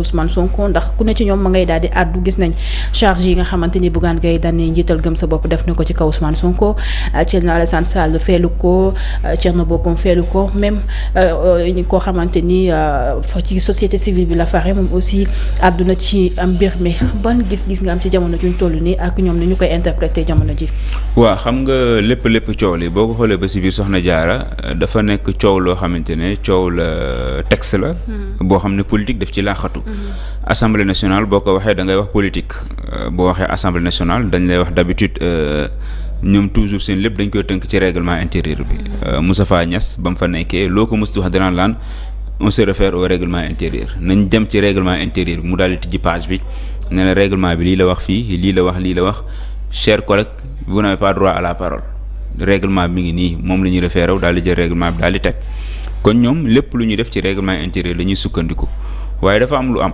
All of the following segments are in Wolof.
Ousmane Sonko ndax ku ne ci ñoom ma ngay daal di àddu gis nañ charge yi nga xamante ni Bougane Gueye Dany njiital gëm sa bopp def na ko ci kaw Ousmane Sonko euh, Thierno Alassane Sall feelu ko euh, Thierno Bocoum feelu ko même euh, koo xamante ni ci société civile bi la fare moom aussi àddu ci ci mbir mi ban gis-gis nga am ci jamono juñ toll nii ak ñoom ni ñu koy interpréter jamono ji waa xam nga lépp lépp coow li boo ko xoolee ba si biir soxna Diarra dafa nekk coow loo xamante ne coow la texte hmm. assemblée nationale boo ko waxee da ngay wax politique euh, boo waxee assemblée nationale dañ lay wax d'habitude euh, ñoom toujours seen lépp dañ koy tënk ci règlement intérieur bi euh, Moustapha ñas ba mu fa nekkee loo ko mës wax danaan laan on se réfère au intérieur nañ dem ci règlement intérieur bi mu daal di tijji page bi ne réglement bi lii la wax fii lii la wax lii la wax cher collègues vous n'avez pas droit à la parole règlement bi ngi nii moom la ñuy référé daal di jël règlement bi daal di teg kon ñoom lépp lu ñuy def ci règlement intérieur la ñuy sukkandiku waaye dafa am lu am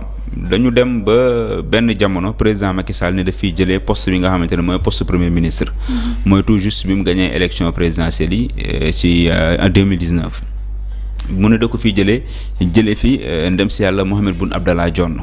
dañu dem ba benn jamono président Macky Sall ne daf fiy jëlee poste bi nga xamante ne mooy post premier ministre. Mm-hmm. mooy tout juste bi mu gagné élection présidentielle yi euh, ci euh, en deux mille dix neuf. mu ne da ko fiy jëlee jëlee fi euh, ndem si yàlla Mohamed Boun Abdallah Dionne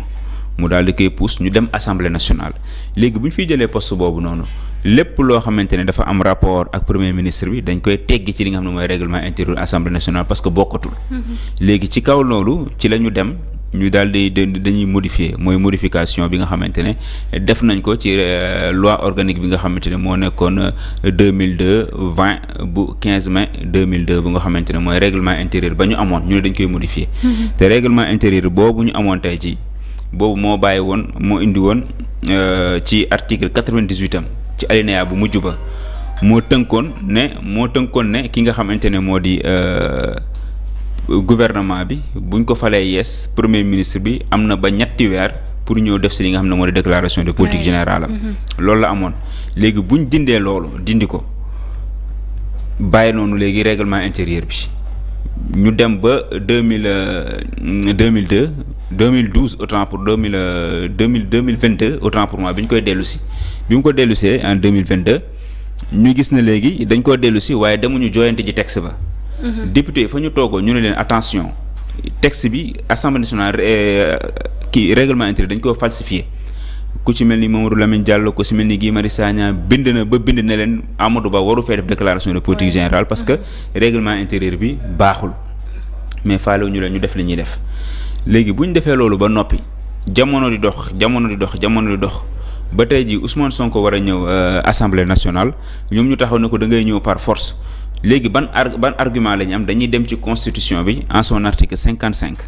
mu daal di koy pousse ñu dem assemblée nationale léegi bu ñu fi jëlee post boobu noonu. lépp loo xamante ne dafa am rapport ak premier ministre bi dañ koy teggi ci li nga xam ne mooy règlement intérieur assemblée nationale parce que bokkatul. Mm-hmm. léegi ci kaw loolu ci la ñu dem ñu daal di dañuy modifier mooy modification bi nga xamante ne def nañ ko ci euh, loi organique bi nga xamante ne moo nekkoon euh, deux mille deux vingt bu quinze mai deux mille deux bu nga xamante ne mooy réglement intérieur ba ñu amoon ñu ne dañ koy modifier. Mm-hmm. te règlement intérieur boobu ñu amoon tey ci boobu moo bàyyi woon moo indi woon euh, ci article quatre-vingt-dix-huit am ci alinéa bu mujj ba moo tënkoon ne moo tënkoon ne ki nga xamante ne moo di. gouvernement bi buñ ko falee yees premier ministre bi am na ba ñetti weer pour ñëw def si li nga xam ne moo di déclaration de politique générale am mhm. loolu la amoon léegi bu buñ dindee loolu dindi ko bàyyi noonu léegi règlement intérieur bi ñu dem ba deux mille euh, deux mille deux deux mille douze autant pour deux mille euh, deux mille deux mille vingt deux autant pour moi bi ñu koy dellu si bi mu ko dellusee en deux mille vingt deux ñu gis na léegi dañ ko dellu si waaye demuñu jooyante ji texte ba Mhm. député fa ñu toogoo ñu ne leen attention texte bi assemblée nationale euh, kii règlement intérieur dañ ko falsifié ku ci mel ni moom Mamadou Lamine Diallo ko ci mel ni Guy Marius Sagna bind na ba bind ne leen Amadou Ba waru fee def déclaration de politique générale parce que mhm. réglement intérieur bi baaxul mais faalewu ñu leen ñu def li ñuy def léegi bu ñu defee loolu ba noppi jamono di dox jamono di dox jamono di dox ba tey ji Ousmane Sonko war a ñëw euh, assemblée nationale ñoom ñu taxaw ne ko da ngay ñëw par force léegi ban ar ban argument la ñu am dañuy dem ci constitution bi en son article cinquante cinq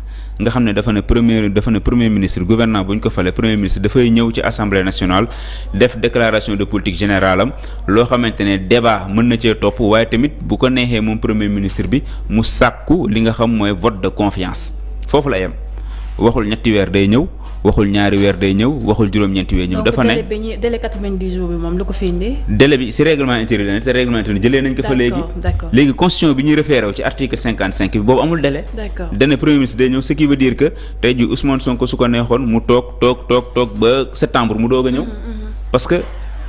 nga xam ne dafa ne premier dafa ne premier ministre gouvernement bu ñu ko falee premier ministre dafay ñëw ci assemblée nationale def déclaration de politique générale am loo xamante ne débat mën na cee topp waaye tamit bu ko neexee moom premier ministre bi mu sàkku li nga xam mooy vote de confiance foofu la yem waxul ñetti weer day ñëw. waxul ñaari weer day ñëw waxul juróom-ñeenti weer ñëw. dafa ne donc délai bi délai 90 jours bi moom lu ko fi indi. délai bi si règlement intérieur la te règlement intérieur jëlee nañ ko fa léegi. léegi constitution bi ñuy référé wu ci article 55 bi boobu amul délai. dana premier ministre day ñëw ce qui veut dire que tey jii su ko neexoon mu toog toog toog toog ba septembre mu doog a ñëw. Mm-hmm, mm-hmm. parce que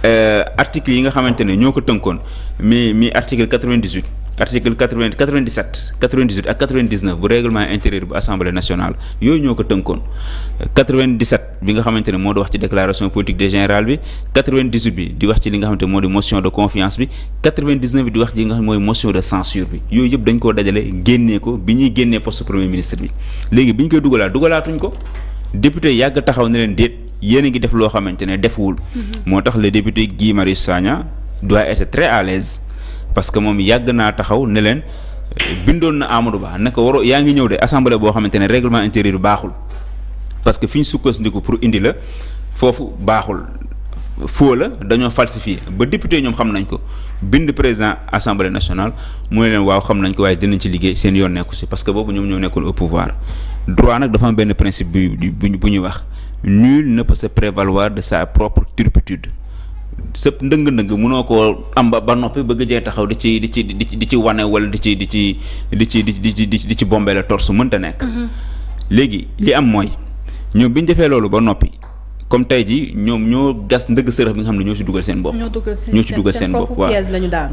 euh, article yi nga xamante ne ñoo ko tënkoon mi mi article 98. article quatre vingt quatre vingt dix sept quatre vingt dix huit ak quatre vingt dix neuf bu règlement intérieur bu assemblée nationale yooyu ñoo ko tënkoon quatre vingt dix sept bi nga xamante ne moo di wax ci déclaration politique de générale bi quatre vingt dix huit bi di wax ci li nga xamante ne moo di motion de confiance bi quatre vingt dix neuf bi di wax ci li nga xam mooy motion de censure bi yooyu yëpp dañ koo dajale génnee ko bi ñuy génnee poste def loo xamante ne defuwul. Mm-hmm. moo tax le député Guy parce que moom yàgg naa taxaw ne leen bindoon na Amadou Ba ne ko yaa ngi ñëw de assemblée boo xamante ne règlement intérieur baaxul parce que fi ñu sukkandiku pour indi la foofu baaxul foo la dañoo falsifié ba député ñoom xam nañ ko bind président assemblée nationale mu ne leen waaw xam nañ ko waaye dinañ ci liggéey seen yoon nekku si parce que boobu ñoom ñoo nekkoon au pouvoir droit nag dafa am benn principe bu bu ñu wax nul ne peut se prévaloir de sa propre turpitude sëpp ndëng-ndëng munoo ko am ba ba noppi bëgg jee taxaw di ci di ci di ci di ci wane wala di ci di ci di ci di ci di ci di ci bombele torse mënta nekk mm-hmm. léegi li am mooy ñoom bi ñu defee loolu ba noppi comme tey ji ñoom ñoo gas ndëgg sërëx bi nga xam ne ñoo si dugal seen bopp ñoo si dugal seen bopp waaw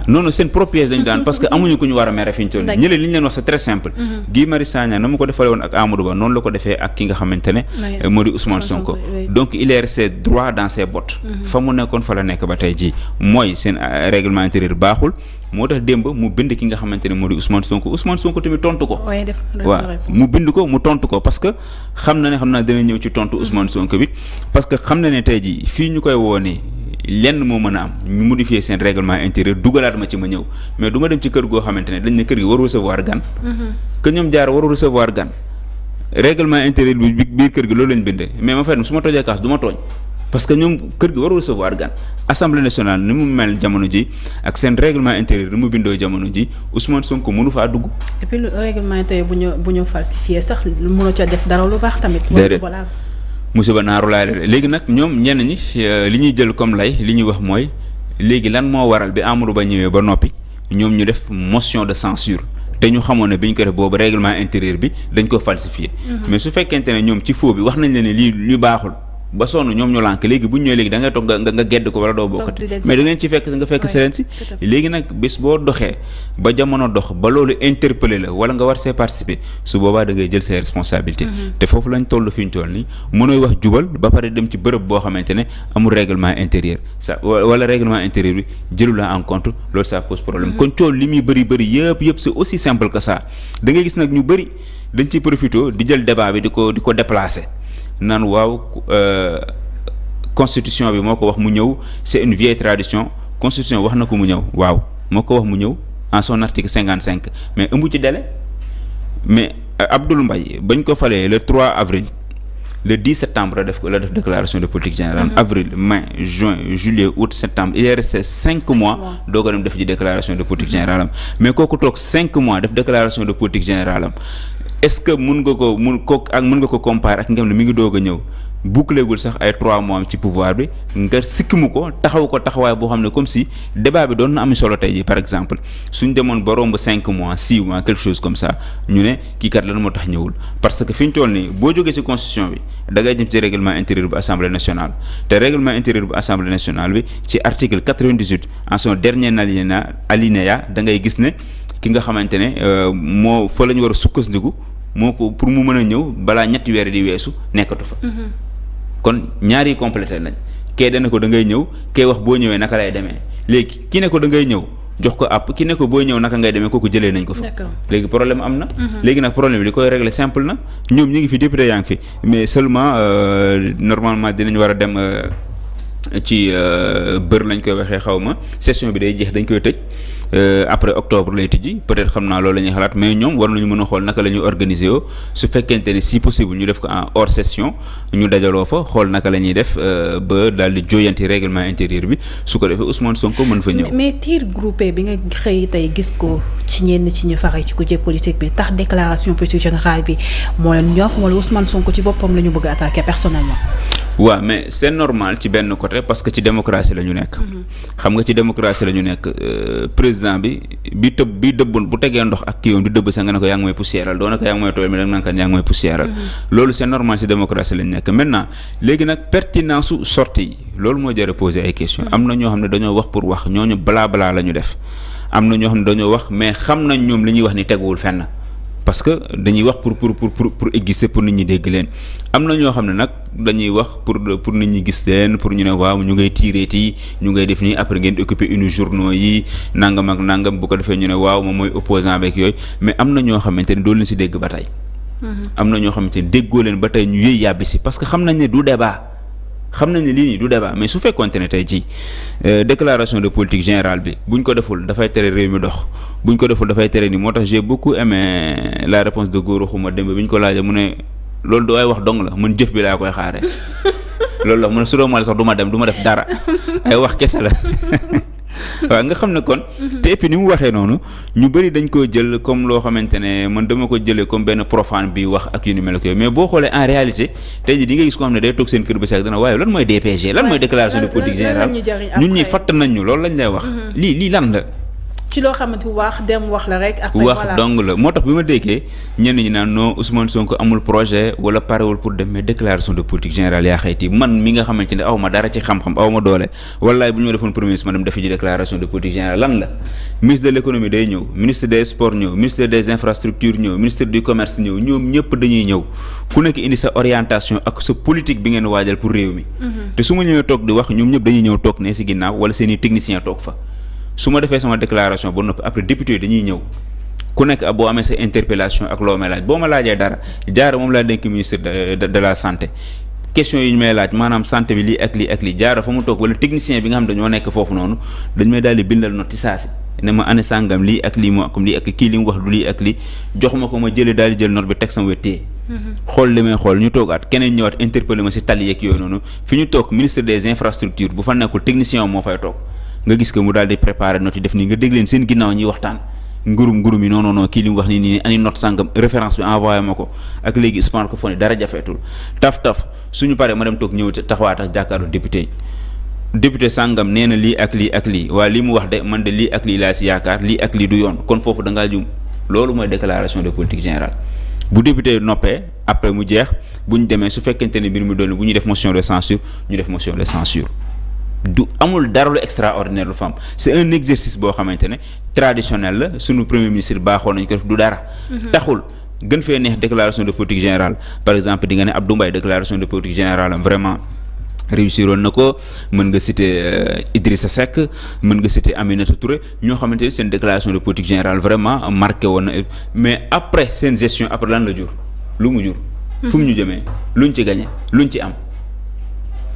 non non seen propre piège daan parce que amuñu ku ñu war a mere fi toll ñële li leen wax c'est très simple mhm. Guy Marius Sagna na mu ko defale woon ak Amadou Ba noonu la ko defee ak ki nga xamante ne euh, moo di Ousmane Sonko donc il est droit dans ses mhm. fa mu nekkoon fa la nekk ba tey ji mooy seen euh, règlement intérieur baaxul moo tax démb mu bind ki nga xamante ne moo di Ousmane Sonko Ousmane Sonko tamit tontu ko. waaye mu bind ko mu tontu ko parce que xam na ne xam naa dana ñëw ci tontu Ousmane Sonko bi parce que xam na ne tey jii fii ñu koy woonee lenn moo mën a am ñu modifier seen règlement intérieur dugalaat ma ci ma ñëw mais du ma dem ci kër goo xamante ne dañ ne kër gi waru recevoir gan. Mm-hmm. que ñoom jaar waru recevoir gan. règlement intérieur bi biir kër gi loolu lañ bind mais ma fay dem su parce que ñoom kër gi warul recevoir gan assemblée nationale ni mu mel jamono ji ak seen règlement intérieur ni mu bindoo jamono ji Ousmane Sonko mënu faa dugg. et puis le règlement bu ñu bu ñu falsifié sax mënoo ca def dara lu baax tamit. déedéet voilà. musiba naaru laa léegi nag ñoom ñenn ñi euh, li ñuy jël comme lay li ñuy wax mooy léegi lan moo waral bi Amadou Ba ñëwee ba noppi ñoom ñu def motion de censure te ñu xamoon ne bi ñu ko def boobu règlement intérieur bi dañ ko falsifié. Mm-hmm. mais su fekkente ne ñoom ci faux bi wax nañ la ne lii lu baaxul. ba sonn ñoom ñoo lànk léegi bu ñu ñëwee léegi da ngay toog nga nga gedd ko wala doo bokkati mais da ngeen ci fekk nga fekk seleen si léegi nag bés boo doxee ba jamono dox ba loolu interpellé la wala nga war see participer su boobaa da ngay jël see responsabilités mm-hmm. te foofu lañ toll fi ñu toll nii mënooy wax jubal ba pare dem ci bërëb boo xamante ne amul règlement intérieur ça wala règlement intérieur bi jëlu la en loolu ça pose problème mm-hmm. kon coow li muy bëri bëri yëpp yëpp c'est aussi simple que ça da ngay gis nag ñu bëri dañ ciy profité di jël débat bi di ko di ko déplacer naan waaw euh, constitution bi moo ko wax mu ñëw c'est une vieille tradition constitution wax na ko mu ñëw waaw moo ko wax mu ñëw en son article cinquante cinq mais ëmbu ci délai mais euh, Abdoul Mbaye bañ ko falee le 3 avril le 10 septembre la def la def déclaration de politique générale. Mm-hmm. avril mai juin juillet août septembre il est resté cinq mois. doo ko dem def ci déclaration de politique générale mais kooku toog cinq mois def déclaration de politique générale am. est-ce que mun nga ko mun ko ak mun nga ko comparer ak nga xam ne mi ngi doog a ñëw bouclé gul sax ay trois mois ci pouvoir bi nga sikkimu ko taxaw ko taxawaay boo xam ne comme si débat bi doon na am solo tey ji par exemple suñ demoon ba romb cinq mois six mois quelque chose comme ça ñu ne kii kat lan moo tax ñëwul parce que fi ñu toll nii boo jógee ci constitution bi dangay ngay jëm ci règlement intérieur bu assemblée nationale te règlement intérieur bu assemblée nationale bi ci article quatre-vingt-dix-huit en son dernier alinéa alinéa ngay gis ne ki nga xamante ne euh, moo fa la ñu war a sukkandiku moo ko pour mu mën a ñëw balaa ñetti weer di weesu nekkatu fa. Mm-hmm. kon ñaar yi complété nañ kee dana ko da ngay ñëw kee wax boo ñëwee naka lay demee léegi ki ne ko da ngay ñëw jox ko àpp ki ne ko boo ñëw naka ngay demee kooku jëlee nañ ko fa. léegi problème am na. Mm-hmm. léegi nag problème bi li koy régler simple na ñoom ñu ngi fi député yaa ngi fi mais seulement euh, normalement dinañ war dem. Euh, ci euh, bër lañ koy waxee xaw ma session bi day jeex dañ koy tëj euh, après octobre lay tijji peut-être xam naa lool la ñuy xalaat mais ñoom war nañu mën a xool naka la ñuy organiser su fekkente ne si possible ñu def ko en hors session ñu dajaloo fa xool naka la ñuy def euh, ba daal di jooyanti règlement intérieur bi su ko defee Ousmane Sonko mën fa ñëw. mais tir groupé bi nga xëy tey gis ko ci ñenn ci ñu faral ci kujje politique bi tax déclaration politique générale bi moo l ñor wala Ousmane Sonko ci boppam la ñu bëgg attaquer personnellement. waaw mais c'est normal ci benn côté parce que ci démocratie la ñu nekk. Mm-hmm. xam nga ci démocratie la ñu nekk euh, président bi bi tëb bi dëbboon bu tegee ndox ak kii yoon di dëbb sax nga ne ko yaa ngi may poussièral doo na ko yaa ngi may tooyal mais da nga naan kat yaa ngi may poussièral. Mm-hmm. loolu c'est normal ci démocratie la ñu nekk maintenant léegi nag pertinence su sortie yi loolu moo jar a ay questions. am na ñoo xam ne dañoo wax pour wax ñu balaa balaa la ñu def am na ñoo xam ne dañoo wax mais xam nañ ñoom li ñuy wax ni teguwul fenn. parce que dañuy wax pour pour pour pour exister pour nit ñi dégg leen am na ñoo xam ne nag dañuy wax pour pour nit ñi gis leen pour ñu ne waaw ñu ngay tiireeti ñu ngay def nii après ngeen occuper une journaux yi nangam ak nangam bu ko defee ñu ne waaw moom mooy opposant avec yooyu mais am na ñoo xamante ne doo leen si dégg ba tey. Mm-hmm. am na ñoo xamante ne déggoo leen ba tey ñu yëy yàbbi si parce que xam nañ ne du débat. xam nañ ne lii nii du débat mais su fekkoonte ne tey ci euh, déclaration de politique général bi buñ ko deful dafay tere réew mi dox buñ ko deful dafay tere ni moo tax j'ai beaucoup aimé la réponse de Gora Khouma démb bi ñu ko laajee mu ne loolu du ay wax dong la man jëf bi laa koy xaaree loolu la mu ne su male sax duma dem duma def dara ay wax kese la. waaw nga xam ne kon. Mhm. te et ni mu waxee noonu ñu bari dañ koy jël comme loo xamante ne man dama ko jëlee comme benn profane bi wax ak yu ni mel ak mais boo xoolee en réalité tey jii nga gis ko xam ne day toog seen kër ba seq dana waaye lan mooy DPG lan mooy déclaration de politique générale ñun ñi fatt nañ loolu lañ lay wax mhm. lii lii lan la ci loo xamante wax dem wax la rek. après wax dong la moo tax bi ma déggee ñenn ñi naan non Ousmane Sonko amul projet wala parewul pour dem déclaration de politique générale yaa xayti man mi nga xamante ne aw ma dara ci xam-xam aw doole wallaay bu ñu defoon premier ministre dem defi ji déclaration de politique générale lan la. ministre de l' économie day ñëw ministre des sports ñëw ministre des infrastructures ñëw ministre du commerce ñëw ñoom ñëpp dañuy ñëw ku nekk indi sa orientation ak sa politique bi ngeen waajal pour réew mi. Mm-hmm. te su ma ñëwee toog di su ma defee sama déclaration ba noppi après député yi dañuy ñëw ku nekk boo amee sa interpellation ak loo may laaj boo ma laajee dara jaara moom laa dénk ministre de de la santé question yi ñu may laaj maanaam santé bi lii ak lii ak lii jaara fa mu toog wala technicien bi nga xam dañoo nekk foofu noonu dañ may daal di bindal note ci saasi ne ma année sàngam lii ak lii moo ak lii ak kii li mu wax du lii ak lii jox ma ko ma jëlee daal di jël note bi teg sama wet mm-hmm. xool li xool ñu toogaat keneen ñëwaat interpellé ma si tali yeeg ñu toog ministre des infrastructures bu fa nekkul technicien moo fay nga gis ko mu daal di préparer note yi def nii nga dégg leen seen ginnaaw ñuy waxtaan ngurum ngurum yi non non non kii li mu wax nii nii ani note sàngam référence bi envoyé ko ak léegi smartphone yi dara jafeetul taf taf suñu paree ma dem toog ñëw taxawaat ak jàkkaarloo député yi nee na lii ak lii ak lii waa li mu wax de man de lii ak lii laa yaakaar lii ak lii du yoon kon foofu da ngaa jum loolu mooy déclaration de politique générale bu député noppee après mu jeex bu ñu demee su fekkente ne mbir mu doon bu ñuy def motion de censure ñu def motion de censure du amul dara lu extraordinaire lu fa am c'est un exercice boo xamante ne traditionnel la sunu premier ministre baaxoon nañ ko def du dara. Mhm. taxul gën fee neex déclaration de politique générale par exemple di nga ne Abdou Mbaye déclaration de politique générale vraiment. réussir woon na ko mën nga citer euh, Idrissa Seck mën nga citer Aminata Touré ñoo xamante ne seen déclaration de politique générale vraiment marqué woon na mais après seen gestion après lan la jur lu mu jur. Mhm. fu mu ñu jëmee luñ ci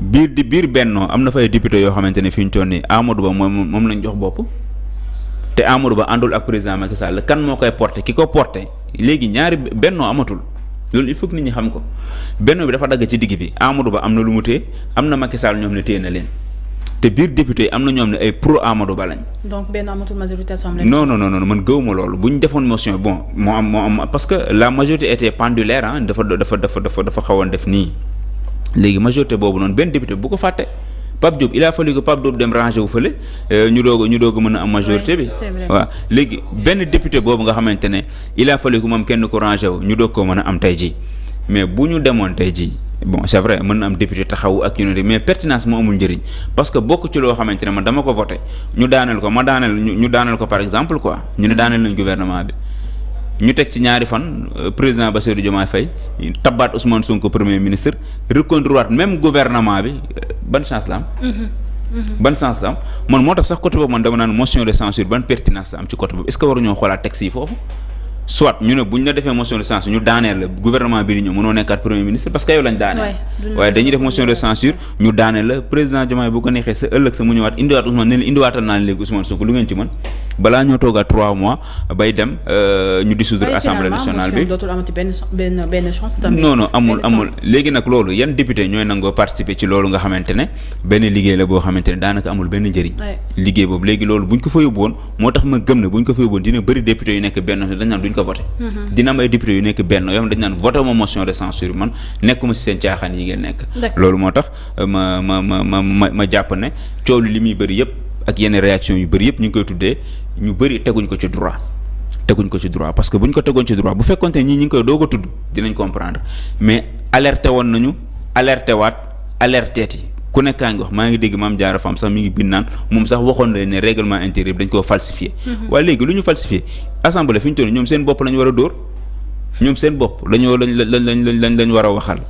biir di biir bennoo am na fay député yoo xamante ne fi ñu toll nii Amadou Ba moom moom lañ jox bopp te Amadou Ba àndul ak président Macky Sall kan moo koy porté ki ko porté léegi ñaari bennoo amatul loolu il faut que nit ñi xam ko bennoo bi dafa dagg ci digg bi Amadou Ba am na lu mu téye am na Macky ñoom ne téye na leen te biir député am na ñoom ne ay pro Amadou Ba lañ. donc benn amatul majorité assemblée. non non non non man gëwuma loolu bu ñu defoon motion bon moo am moo parce que la majorité était pendulaire ah dafa dafa dafa dafa dafa xawoon def nii. léegi majorité boobu noonu benn député bu ko fàtte Pape Diop il a fallu que Pape Diop dem rangé wu fële euh, ñu doog ñu doog a mën a am majorité bi waaw léegi benn député boobu nga xamante ne il a fallu kenn ko rangé wu ñu doog koo mën a am tey jii mais bu ñu demoon tey jii bon c'est vrai mën na am député taxawu ak unité mais pertinence moo amul njëriñ parce bokk ci loo xamante ne man dama ko voté ñu daaneel ko ma daaneel ñu daaneel ko par exemple quoi ñu ne daaneel nañ gouvernement bi ñu teg ci ñaari fan euh, président ba Bassirou Diomaye Faye tabbaat Ousmane Sonko premier ministre reconduiraat même gouvernement bi euh, ban chance la am. Mm-hmm. Mm-hmm. ban sens la am man moo tax sax côté boobu man dama naan motion de censure ban pertinence la am ci côté boobu est que waruñoo xoolaat texte yi foofu. soit ñu ne bu ñu la defee motion de censure ñu daaneel la gouvernement bi di ñëw mënoo nekkaat premier ministre parce que yow lañ daaneel waaye dañuy def motion de censure ñu daaneel la président Diomaye bu ko neexee sa ëllëg sa mu ñëwaat indiwaat Ousmane ne la indiwaatal naa léegi Ousmane Sonko lu ngeen ci mën balaa ñoo toogaat trois mois euh, bay dem euh, ñu dissoudre assemblée nationale bi dootul amul amul léegi nag loolu yan député ñooy nangoo participer duñ ko voté mhm. dina am ay député yu nekk benn yoom dañ naan voté ma motion de censure man nekkuma si seen caaxaan yi ngeen nekk loolu moo tax ma ma ma ma ma jàpp ne coow li muy bëri yëpp ak yenn réaction yu bëri yëpp ñu ngi koy tuddee ñu bëri teguñ ko ci droit teguñ ko ci droit parce que bu ñu ko tegoon ci droit bu fekkoonte ñi ñi ngi koy doo ko tudd dinañ comprendre mais alerté woon nañu alerté waat alerteeti ku nekk kaa ngi wax maa ngi dégg maam jaara fam sax mi ngi bind naan moom sax waxoon na ne règlement intérieur bi dañ koo falsifié mm-hmm. waaye léegi lu ñu falsifié assemblée fi ñu toll ñoom seen bopp la ñu war a dóor ñoom seen bopp lañu lañ lañ lañ lañ lañ war a waxal